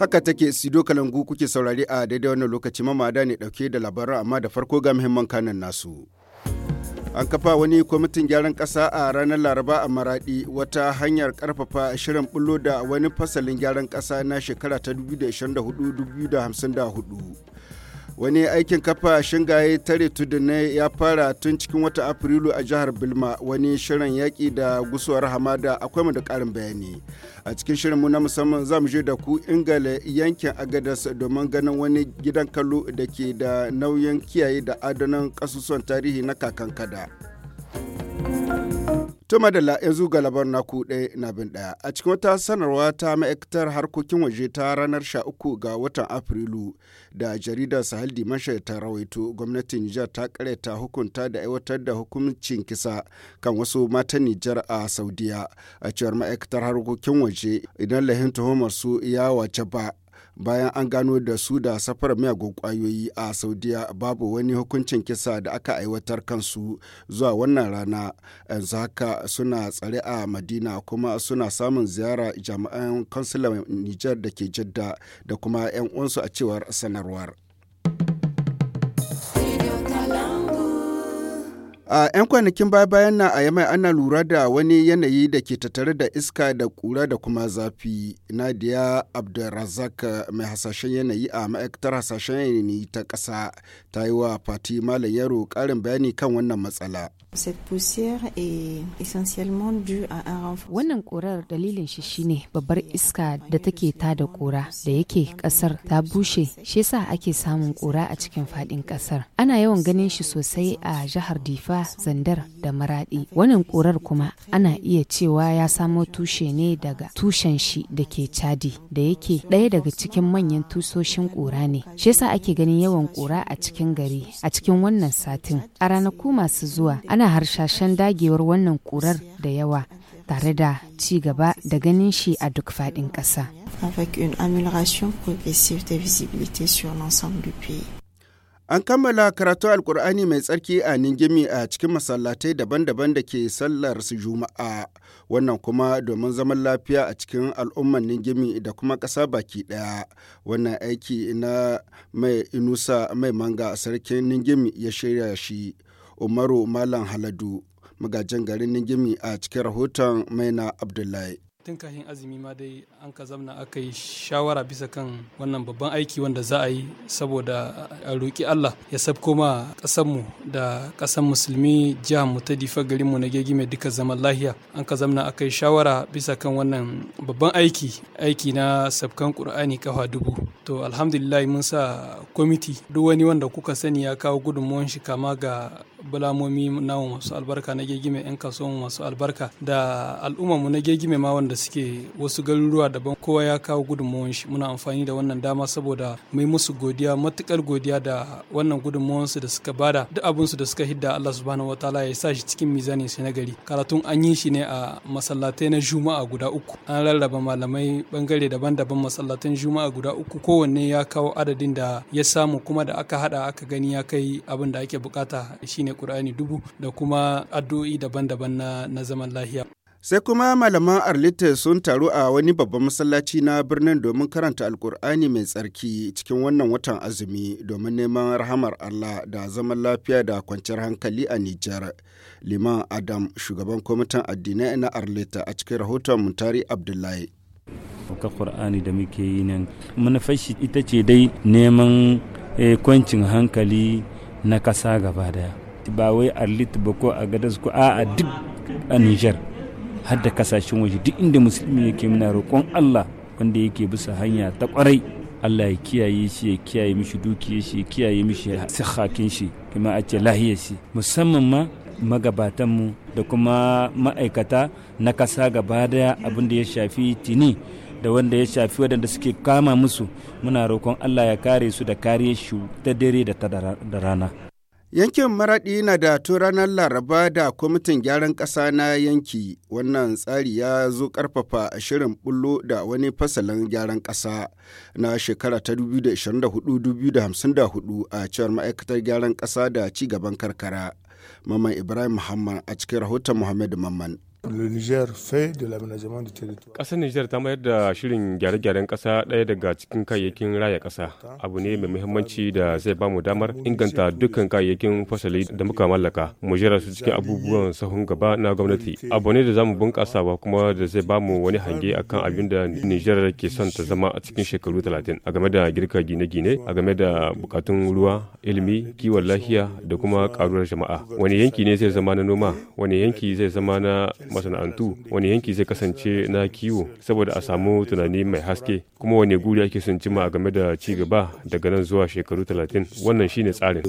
Haka take Sido Kalangu kuke saurari a daidai wannan lokaci mamada ne dauke da labaran amma da farko ga muhimman kanan nasu. An kafa wani kwamitin gyaran ƙasa a ranar Laraba a Maradi wata hanyar ƙarfafa shirin bullo da wani fasalin gyaran kasa na shekara ta 2024-2054. wani aikin kafa shingaye tare na ya fara tun cikin wata afrilu a jihar bilma wani shirin yaƙi da gusuwar hamada akwai mu da ƙarin bayani a cikin shirinmu na musamman za mu je da ku ingala yankin agadas domin ganin wani gidan kallo da ke da nauyin kiyaye da adanan ƙasusuwan tarihi na kakan kada. To madalla yanzu ga labar naku ɗaya na bin ɗaya. A cikin wata sanarwa ta ma'aikatar harkokin waje ta ranar 13 ga watan Afrilu da jaridar Sahel Dimasha ta rawaito gwamnatin Nijar ta karyata hukunta da aiwatar da hukuncin kisa kan wasu matan Nijar a Saudiya. A cewar ma'aikatar harkokin waje idan lahin tuhumar su ya wace ba bayan an gano da su da safar miyagun kwayoyi a saudiya babu wani hukuncin kisa da aka aiwatar kansu zuwa wannan rana yanzu haka suna tsare a madina kuma suna samun ziyara jami'an kansilan nijar da ke jidda da kuma 'yan uwansu a cewar sanarwar. A 'yan kwanakin baya bayan na a yamai ana lura da wani yanayi da ke tattare da iska da kura da kuma zafi. Nadia Abdulrazak mai hasashen yanayi a ma'aikatar hasashen yanayi ta ƙasa ta yi wa Fati Malam Yaro ƙarin bayani kan wannan matsala. Wannan ƙurar dalilin shi shine babbar iska da take ta da ƙura da yake ƙasar ta bushe shi yasa ake samun ƙura a cikin faɗin ƙasar. Ana yawan ganin shi sosai a jihar Difa zandar da maradi wannan ƙurar kuma ana iya cewa ya samo tushe ne daga tushen shi da ke chadi da yake ɗaya daga cikin manyan tusoshin ƙura ne shi yasa ake ganin yawan ƙura a cikin gari a cikin wannan satin a ranaku masu zuwa ana harshashen dagewar wannan ƙurar da yawa tare da ci gaba da ganin shi a duk faɗin ƙasa. Avec une amélioration progressive de visibilité sur l'ensemble du pays. An kammala karatu alkur'ani mai tsarki a Ningimi a cikin masallatai daban-daban da ke sallar su Juma'a, wannan kuma domin zaman lafiya a cikin al'ummar Ningimi da kuma ƙasa baki ɗaya. Wannan aiki na mai Inusa mai manga sarkin Ningimi ya shirya shi, Umaru Malam Haladu, magajin garin Ningimi a cikin rahoton Maina Abdullahi. tun kashin azumi ma dai an ka zamna aka yi shawara bisa kan wannan babban aiki wanda za a yi saboda a roƙi Allah ya sabko ma mu da ƙasar musulmi jihar mu ta difa garinmu na gegi mai duka zaman lahiya an ka zamna aka yi shawara bisa kan wannan babban aiki aiki na sabkan ƙur'ani kafa dubu to alhamdulillah mun sa kwamiti duk wani wanda kuka sani ya kawo gudunmuwan shi kama ga bulamomi namu masu albarka na gegime 'yan kasuwan masu albarka da al'ummarmu na gegime ma wanda suke wasu garuruwa daban kowa ya kawo gudunmuwan shi muna amfani da wannan dama saboda mai musu godiya matukar godiya da wannan su da suka bada duk su da suka hidda Allah subhanahu wataala ya sa shi cikin mizanin shi na gari karatun an yi shi ne a masallatai na juma'a guda uku an rarraba malamai bangare daban-daban masallatan juma'a guda uku kowanne ya kawo adadin da ya samu kuma da aka hada aka gani ya kai abin da ake bukata shine ne ƙur'ani dubu da kuma addu'o'i daban-daban na, na zaman lahiya. Sai kuma malaman Arlita sun taru a wani babban masallaci na birnin domin karanta Alkur'ani mai tsarki cikin wannan watan azumi domin neman rahamar Allah da zaman lafiya da kwanciyar hankali a Nijar. Liman Adam, shugaban kwamitin addinai na Arlita a cikin rahoton Muntari Abdullahi. Ka Qur'ani da muke yi nan, manufashi ita ce dai neman eh, kwancin hankali na ƙasa gaba daya. ba wai a lit ba ko a gadas ko a a duk a nijar har da kasashen waje duk inda musulmi yake muna roƙon allah wanda yake bisa hanya ta kwarai allah ya kiyaye shi ya kiyaye mishi dukiyar shi ya kiyaye mishi sihakin shi kuma a ce lahiyar shi musamman ma mu da kuma ma'aikata na kasa gaba daya abin da ya shafi tini da wanda ya shafi wadanda suke kama musu muna roƙon allah ya kare su da kare shi ta dare da rana Yankin Maraɗi na da tun ranar Laraba da kwamitin gyaran ƙasa na yanki wannan tsari ya zo ƙarfafa shirin bullo da wani fasalin gyaran ƙasa na shekara ta 2024-2054 a cewar ma'aikatar gyaran ƙasa da ci gaban karkara. Maman Ibrahim Muhammad a cikin rahoton Muhammadu Mamman. Ƙasar Nijar ta mayar da shirin gyare-gyaren ƙasa ɗaya daga cikin kayayyakin raya ƙasa abu ne mai muhimmanci da zai bamu damar inganta dukkan kayayyakin fasali da muka mallaka mu jira su cikin abubuwan sahun gaba na gwamnati abu ne da za mu bunƙasa ba kuma da zai bamu wani hange akan abin da Nijar ke son ta zama a cikin shekaru talatin a game da girka gine-gine a game da bukatun ruwa ilimi kiwon lafiya da kuma karuwar jama'a wani yanki ne zai zama na noma wani yanki zai zama na masana'antu wani yanki zai kasance na kiwo saboda a samu tunani mai haske kuma wani guri ake son cima game da ci gaba daga nan zuwa shekaru 30 wannan shine tsarin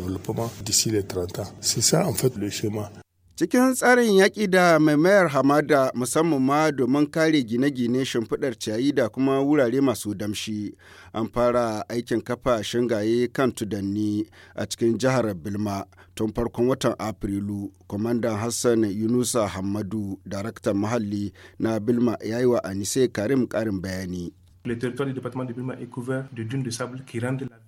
Cikin tsarin yaƙi da maimayar hamada musamman ma domin kare gine-gine shimfiɗar ciyayi da kuma wurare masu damshi, an fara aikin kafa shingaye kan tudanni a cikin jihar Bilma tun farkon watan Afrilu. Kwamandan Hassan Yunusa hamadu daraktan muhalli na Bilma ya yi wa Anise Karim ƙarin bayani.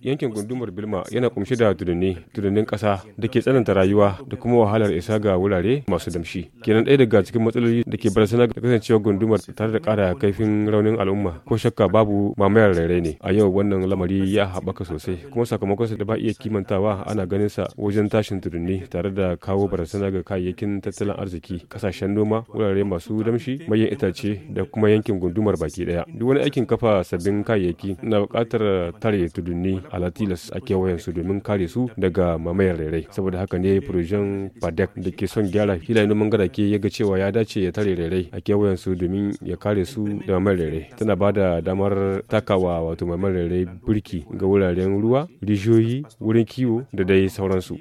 Yankin gundumar Bilma yana kumshe da tudunni, tudunnin ƙasa da ke tsananta rayuwa da kuma wahalar isa ga wurare masu damshi. Kenan ɗaya daga cikin matsaloli da ke barazana da kasancewar gundumar tare da ƙara kaifin raunin al'umma ko shakka babu mamayar rairai ne. A yau wannan lamari ya haɓaka sosai kuma sakamakon da ba iya kimantawa ana ganin sa wajen tashin tudunni tare da kawo barazana ga kayayyakin tattalin arziki, kasashen noma, wurare masu damshi, mayan itace da kuma yankin gundumar baki ɗaya. Duk wani aikin kafa kafa sabbin kayayyaki na bukatar tare tudunni a latilas a kewayensu domin kare su daga mamayar rairai saboda haka ne projen padec da ke son gyara filayen noman garake ya ga cewa ya dace ya tare rairai a kewayensu domin ya kare su da mamayar rairai tana ba da damar takawa wato mamayar rairai birki ga wuraren ruwa rijiyoyi wurin kiwo da dai sauransu.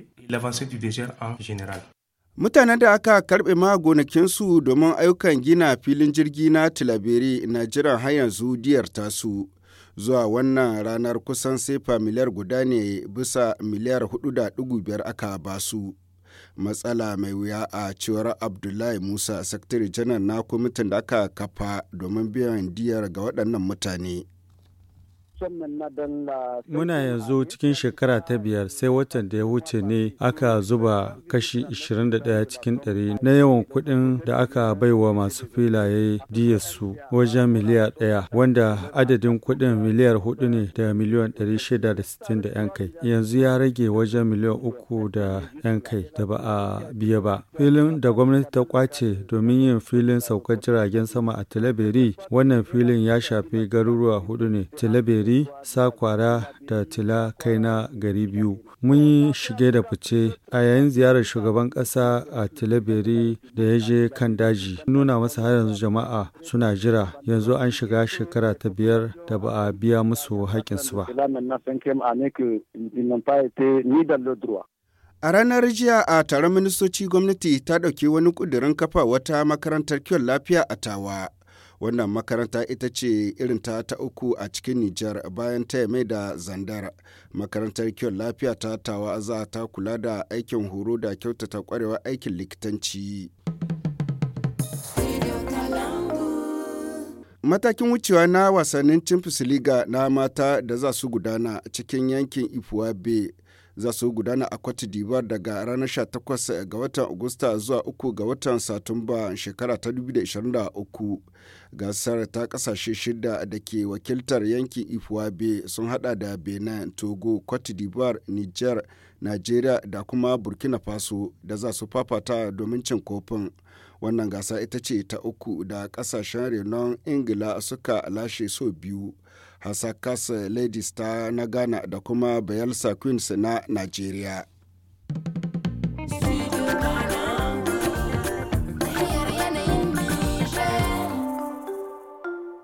Mutanen da aka karɓe ma gonakinsu domin ayyukan gina filin jirgi na Tilaberi na jiran har yanzu diyar tasu. Zuwa wannan ranar kusan sefa miliyar guda ne bisa miliyar da 4.5 aka ba su, matsala mai wuya a cewar abdullahi musa sakatare janar na kwamitin da aka kafa domin biyan diyar ga waɗannan mutane Muna yanzu cikin shekara ta biyar sai watan da ya wuce ne aka zuba kashi 21 cikin ɗari na yawan kuɗin da aka baiwa masu filaye su wajen miliyar ɗaya wanda adadin kuɗin miliyar hudu ne da miliyan 660 'yan kai. Yanzu ya rage wajen miliyan uku da 'yan kai da ba a biya ba. Filin da gwamnati ta kwace domin yin filin saukar jiragen sama a Talabiri wannan filin ya shafi garuruwa hudu ne. gari sakwara da tila kaina gari biyu mun yi shige da fice a yayin ziyarar shugaban ƙasa a tilaberi da ya je kan daji nuna masa har yanzu jama'a suna jira yanzu an shiga shekara ta biyar da ba a biya musu haƙƙinsu ba A ranar jiya a taron ministoci gwamnati ta ɗauki wani ƙudurin kafa wata makarantar kiwon lafiya a Tawa. Wannan makaranta ita ce irin ta ta uku a cikin Nijar bayan ta mai da Zandar. Makarantar kiwon lafiya ta tawa za ta kula da aikin horo da kyautata kwarewa aikin likitanci. matakin wucewa na wasannin champions league na mata da za su gudana cikin yankin ifuwa bay za su gudana a cote d'ivoire daga ranar 18 ga watan agusta zuwa 3 ga watan satumba shekara ta 2023 gasar ta kasashe shida da ke wakiltar yankin ifuwabe sun hada da benin togo cote d'ivoire niger nigeria da kuma burkina faso da za su fafata domin cin kofin wannan gasa ita ce ta uku da kasashen renon ingila suka lashe so biyu Hasakas Ladies ta na Ghana da kuma Bayelsa Queens na Najeriya.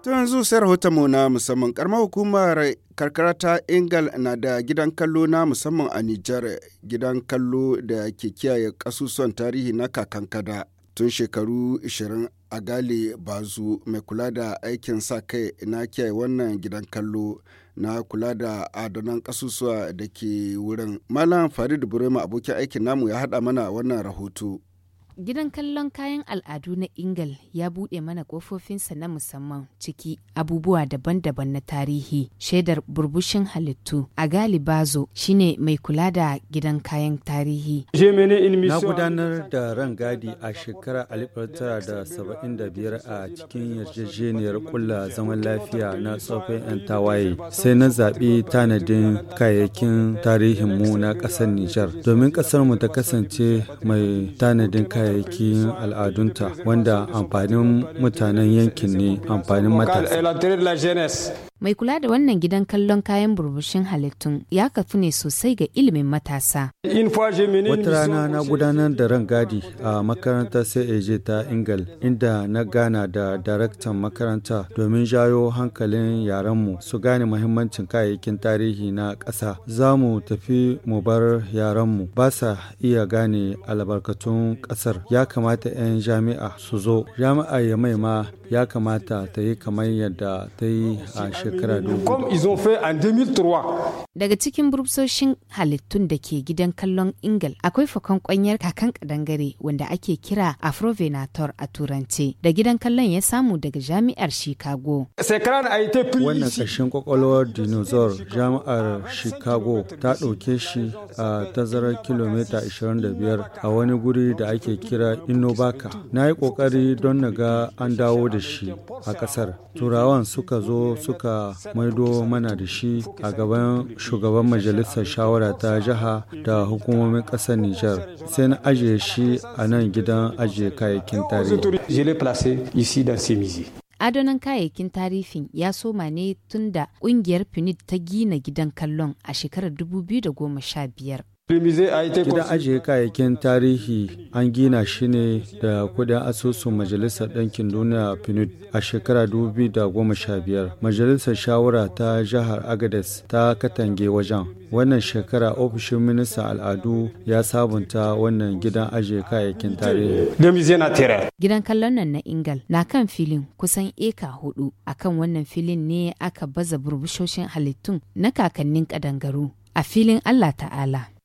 tun yanzu sai mu na musamman karamar hukumar karkara ta Ingal na da gidan kallo na musamman a Nijar gidan kallo da ke kiyaye kasusuwan tarihi na kakankada. tun shekaru 20 a gale Bazu mai kula da aikin sa kai na kiyaye wannan gidan kallo na kula da adanan kasusuwa da ke wurin. Malam Farid Burema abokin aikin namu ya haɗa mana wannan rahoto. Gidan kallon kayan al'adu na Ingal ya buɗe mana ƙofofinsa na musamman ciki abubuwa daban-daban na tarihi, shaidar burbushin halittu. A Galibazo shine mai kula da gidan kayan tarihi. Na gudanar da rangadi a shekarar 1975 a cikin yarjejeniyar kula zaman lafiya na tsofin 'yan tawaye. Sai na zaɓi tanadin kayayyakin tarihinmu na ƙasar Nijar domin ƙasarmu ta kasance mai tanadin kayan kayayyakin al'adunta wanda amfanin mutanen yankin ne amfanin matasa. Mai kula da wannan gidan kallon kayan burbushin halittun ya kafu ne sosai ga ilimin matasa. Wata rana na gudanar da rangadi a makarantar CAG ta Ingal inda na gana da daraktan makaranta domin jayo hankalin yaranmu su gane mahimmancin kayayyakin tarihi na ƙasa. Za mu tafi mu bar yaranmu ba sa iya gane albarkatun ƙasar. Ya kamata 'yan jami'a su zo. Jami'a ya maima ya kamata ta yi kamar yadda ta yi a shekara Daga cikin burbusoshin halittun da ke gidan kallon Ingal akwai fakon kwanyar kakan kadangare wanda ake kira Afrovenator a turance da gidan kallon ya samu daga jami'ar Chicago. Wannan karshen kwakwalwar dinosaur jami'ar Chicago ta ɗauke shi a tazarar kilomita 25 a wani guri da ake kira Innobaka. Na yi ƙoƙari don na ga an dawo da shi a ƙasar. Turawan suka zo suka maido mana da shi a gaban shugaban majalisar shawara ta jiha da hukumomin ƙasar Nijar. Sai na ajiye shi a nan gidan ajiye kayayyakin tarihi. Adonan kayayyakin tarihin ya soma ne tun da ƙungiyar Finid ta gina gidan kallon a shekarar 2015. Gidan ajiye kayayyakin tarihi an gina shi ne da kudin asusun Majalisar ɗankin Duniya PNUD a shekara 2015. Majalisar Shawara ta Jihar Agadez ta katange wajen. Wannan shekara ofishin ministan al'adu ya sabunta wannan gidan ajiye kayayyakin tarihi. Gidan kallon nan na Ingal na kan filin kusan eka hudu. Akan wannan filin ne aka baza burbushoshin halittun na kakannin kadangaru a filin Allah Ta'ala.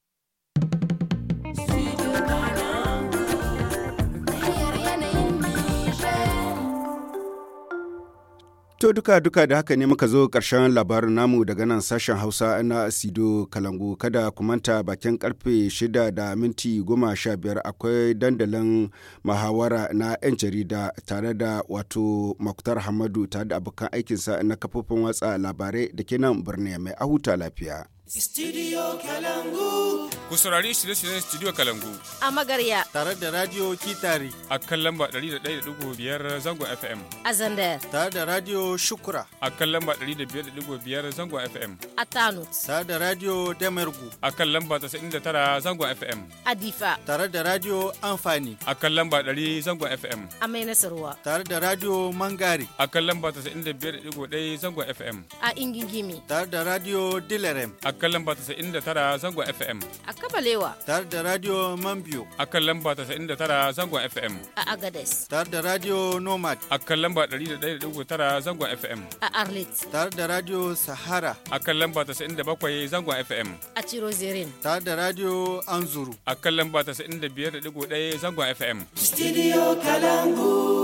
To duka duka da haka ne muka zo ƙarshen labarin namu daga nan sashen Hausa na Sido Kalangu kada ku manta bakin karfe shida da minti goma sha biyar akwai dandalin mahawara na 'yan jarida tare da wato Muktar Hamadu tare da abokan aikinsa na kafofin watsa labarai da ke nan birni mai ahuta lafiya. Studio Kalangu. Ku saurari shirye-shiryen Studio Kalangu. A magarya. Tare da Radio Kitari. A kan lamba 101.5 zangon FM. A Zandayar. Tare da Radio Shukura. A kan lamba 105.5 zangon FM. A Tano. Tare da Radio Damergu. A kan lamba 99 zangon FM. A Difa. Tare da Radio Amfani. A kan lamba 100 zangon FM. A Mai Nasarwa. Tare da Radio Mangari. A kan lamba 95.1 zangon FM. A Ingingimi. Tare da Radio Dilerem. A a kan lamba 99 zangon FM. A Kabalewa. Tare da Radio Mambio. A kan lamba 99 zangon FM. A Agades. Tare da Radio Nomad. A kan lamba 101.9 zangon FM. A Arlit. Tare da Radio Sahara. A kan lamba 97 zangon FM. A Chirozirin. Tare da Radio Anzuru. A kan lamba 95.1 zangon FM. Studio Kalangu.